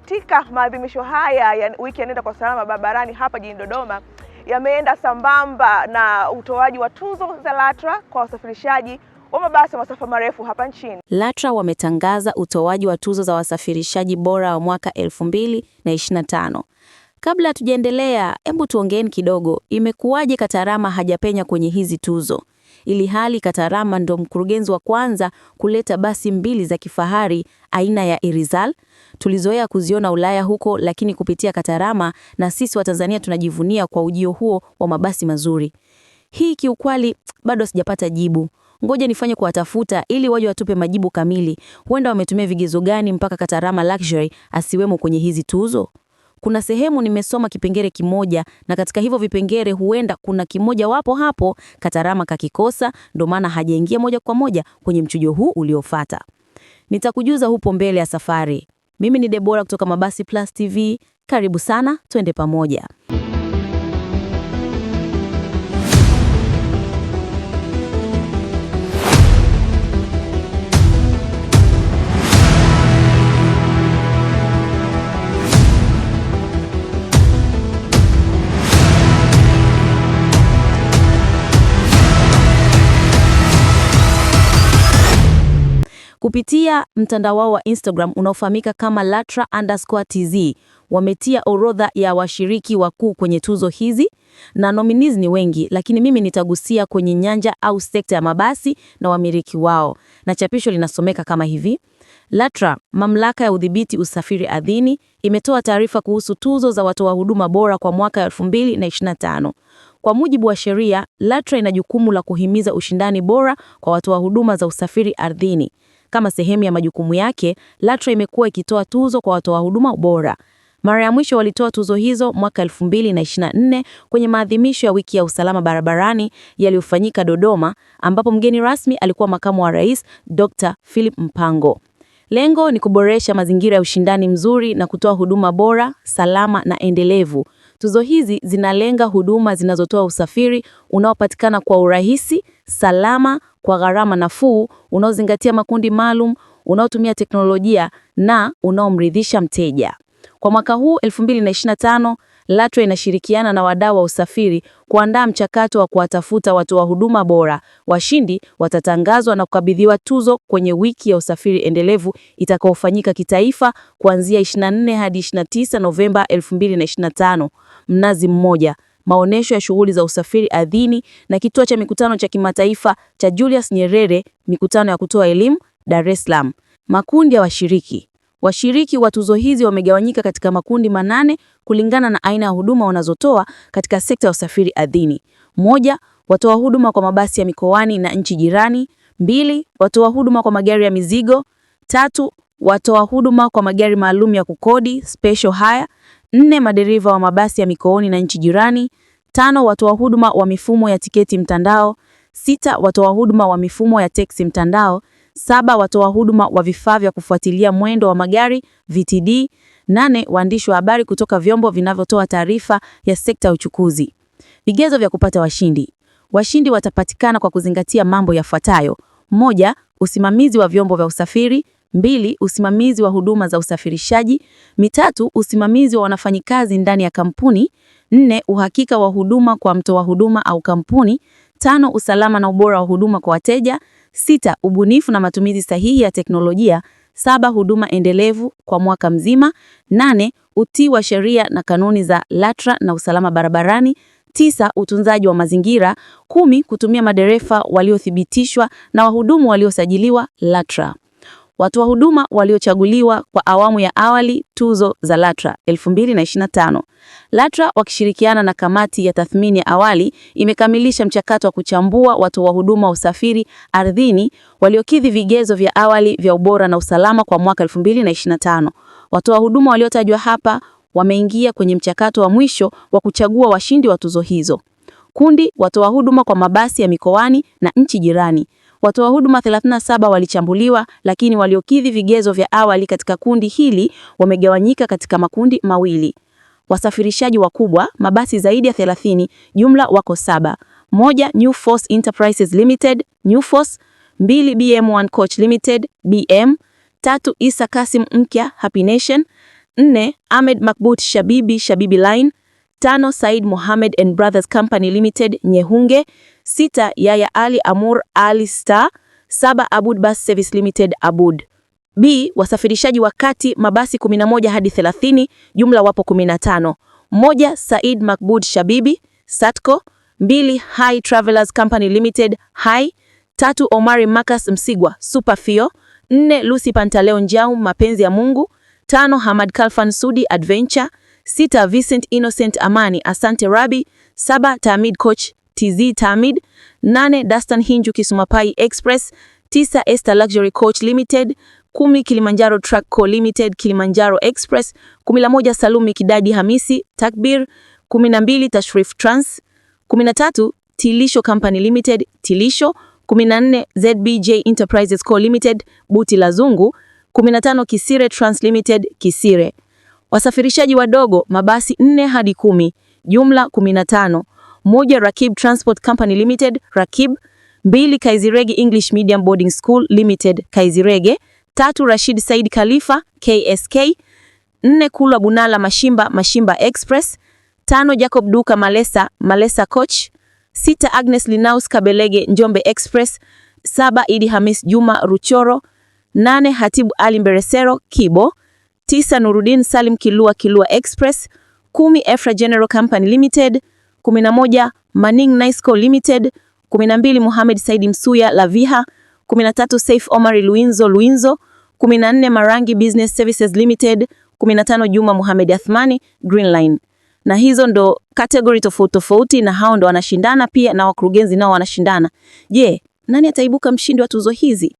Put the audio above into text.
katika maadhimisho haya ya wiki ya Nenda kwa Salama barabarani hapa jijini Dodoma yameenda sambamba na utoaji wa tuzo za LATRA kwa wasafirishaji wa mabasi ya masafa marefu hapa nchini. LATRA wametangaza utoaji wa tuzo za wasafirishaji bora wa mwaka 2025. Kabla hatujaendelea, hebu tuongeeni kidogo, imekuwaje Katarama hajapenya kwenye hizi tuzo? ili hali Katarama ndo mkurugenzi wa kwanza kuleta basi mbili za kifahari aina ya Irizal. Tulizoea kuziona Ulaya huko, lakini kupitia Katarama na sisi Watanzania tunajivunia kwa ujio huo wa mabasi mazuri. Hii kiukwali bado sijapata jibu. Ngoja nifanye kuwatafuta ili waje watupe majibu kamili. Huenda wametumia vigezo gani mpaka Katarama Luxury asiwemo kwenye hizi tuzo? kuna sehemu nimesoma kipengere kimoja, na katika hivyo vipengere huenda kuna kimoja wapo hapo Katarama kakikosa, ndo maana hajaingia moja kwa moja kwenye mchujo huu uliofata. Nitakujuza hupo mbele ya safari. Mimi ni Debora kutoka Mabasi Plus TV. Karibu sana, twende pamoja. Kupitia mtandao wao wa Instagram unaofahamika kama Latra underscore tz wametia orodha ya washiriki wakuu kwenye tuzo hizi, na nominees ni wengi, lakini mimi nitagusia kwenye nyanja au sekta ya mabasi na wamiliki wao, na chapisho linasomeka kama hivi. Latra, mamlaka ya udhibiti usafiri ardhini, imetoa taarifa kuhusu tuzo za watoa huduma bora kwa mwaka 2025. Kwa mujibu wa sheria, Latra ina jukumu la kuhimiza ushindani bora kwa watoa huduma za usafiri ardhini. Kama sehemu ya majukumu yake, LATRA imekuwa ikitoa tuzo kwa watoa huduma bora. Mara ya mwisho walitoa tuzo hizo mwaka 2024 kwenye maadhimisho ya wiki ya usalama barabarani yaliyofanyika Dodoma, ambapo mgeni rasmi alikuwa makamu wa rais Dr. Philip Mpango. Lengo ni kuboresha mazingira ya ushindani mzuri na kutoa huduma bora, salama na endelevu. Tuzo hizi zinalenga huduma zinazotoa usafiri unaopatikana kwa urahisi, salama, kwa gharama nafuu, unaozingatia makundi maalum, unaotumia teknolojia na unaomridhisha mteja. Kwa mwaka huu 2025 LATRA inashirikiana na wadau wa usafiri kuandaa mchakato wa kuwatafuta watoa wa huduma bora. Washindi watatangazwa na kukabidhiwa tuzo kwenye wiki ya usafiri endelevu itakayofanyika kitaifa kuanzia 24 hadi 29 Novemba 2025. Mnazi Mmoja, maonesho ya shughuli za usafiri ardhini na kituo cha mikutano cha kimataifa cha Julius Nyerere, mikutano ya kutoa elimu Dar es Salaam. Makundi ya washiriki Washiriki wa tuzo hizi wamegawanyika katika makundi manane kulingana na aina ya huduma wanazotoa katika sekta ya usafiri ardhini. Moja, watoa huduma kwa mabasi ya mikoani na nchi jirani. Mbili, watoa huduma kwa magari ya mizigo. Tatu, watoa huduma kwa magari maalum ya kukodi special hire. Nne, madereva wa mabasi ya mikoani na nchi jirani. Tano, watoa huduma wa mifumo ya tiketi mtandao. Sita, watoa huduma wa mifumo ya teksi mtandao. Saba, watoa huduma wa vifaa vya kufuatilia mwendo wa magari VTD. Nane, waandishi wa habari kutoka vyombo vinavyotoa taarifa ya sekta ya uchukuzi. Vigezo vya kupata washindi. Washindi watapatikana kwa kuzingatia mambo yafuatayo: moja, usimamizi wa vyombo vya usafiri; mbili, usimamizi wa huduma za usafirishaji; mitatu, usimamizi wa wanafanyikazi ndani ya kampuni; nne, uhakika wa huduma kwa mtoa huduma au kampuni; Tano, usalama na ubora wa huduma kwa wateja. Sita, ubunifu na matumizi sahihi ya teknolojia. Saba, huduma endelevu kwa mwaka mzima. Nane, utii wa sheria na kanuni za LATRA na usalama barabarani. Tisa, utunzaji wa mazingira. Kumi, kutumia madereva waliothibitishwa na wahudumu waliosajiliwa LATRA watoa huduma waliochaguliwa kwa awamu ya awali tuzo za LATRA 2025. LATRA wakishirikiana na kamati ya tathmini ya awali imekamilisha mchakato wa kuchambua watoa huduma wa usafiri ardhini waliokidhi vigezo vya awali vya ubora na usalama kwa mwaka 2025. Watoa huduma waliotajwa hapa wameingia kwenye mchakato wa mwisho wa kuchagua washindi wa tuzo hizo. Kundi watoa huduma kwa mabasi ya mikoani na nchi jirani. Watoa huduma 37 walichambuliwa, lakini waliokidhi vigezo vya awali katika kundi hili wamegawanyika katika makundi mawili. Wasafirishaji wakubwa, mabasi zaidi ya 30, jumla wako saba: moja, New Force Enterprises Limited, New Force; mbili, BM1 Coach Limited, BM; tatu, Isa Kasim Mkya, Happy Nation; nne, Ahmed Makbut Shabibi, Shabibi Line; tano, Said Mohamed and Brothers Company Limited, Nyehunge; sita yaya Ali Amur Ali Star, saba abud Bus Service Limited Abud. B. Wasafirishaji wa kati mabasi 11 hadi 30, jumla wapo 15. Moja, Said Makbud Shabibi Satco, mbili, High Travelers Company Limited High, tatu, Omari makas Msigwa Superfio, nne, Lucy Pantaleo Njau Mapenzi ya Mungu, tano, Hamad Kalfan Sudi Adventure, sita, Vincent Innocent Amani Asante Rabi, saba, Tamid Coach TZ Tamid, nane Dastan Hinju Kisumapai Express, tisa Esther Luxury Coach Limited, kumi Kilimanjaro Truck Co Limited Kilimanjaro Express, kumi moja Salumi Kidadi Hamisi Takbir, kumi na mbili Tashrif Trans, kumi na tatu Tilisho Company Limited Tilisho, kumi na nne ZBJ Enterprises Co Limited Buti la Zungu, kumi na tano Kisire Trans Limited Kisire. Wasafirishaji wadogo mabasi 4 hadi kumi, jumla 15 moja, Rakib Transport Company Limited Rakib; mbili, Kaizirege English Medium Boarding School Limited Kaizirege; tatu, Rashid Said Khalifa KSK; nne, Kulwa Bunala Mashimba Mashimba Express; tano, Jacob Duka Malesa Malesa Coach; sita, Agnes Linaus Kabelege Njombe Express; saba, Idi Hamis Juma Ruchoro; nane, Hatibu Ali Mberesero Kibo; tisa, Nurudin Salim Kilua Kilua Express; kumi, Efra General Company Limited 11 Maning Nisco Limited, 12 Mohamed Said Msuya Laviha, 13 Saif Omari Luinzo Luinzo, 14 Marangi Business Services Limited, 15 Juma Mohamed Athmani Greenline. Na hizo ndo category tofauti tofauti, na hao ndo wanashindana pia na wakurugenzi nao wanashindana. Je, nani ataibuka mshindi wa tuzo hizi?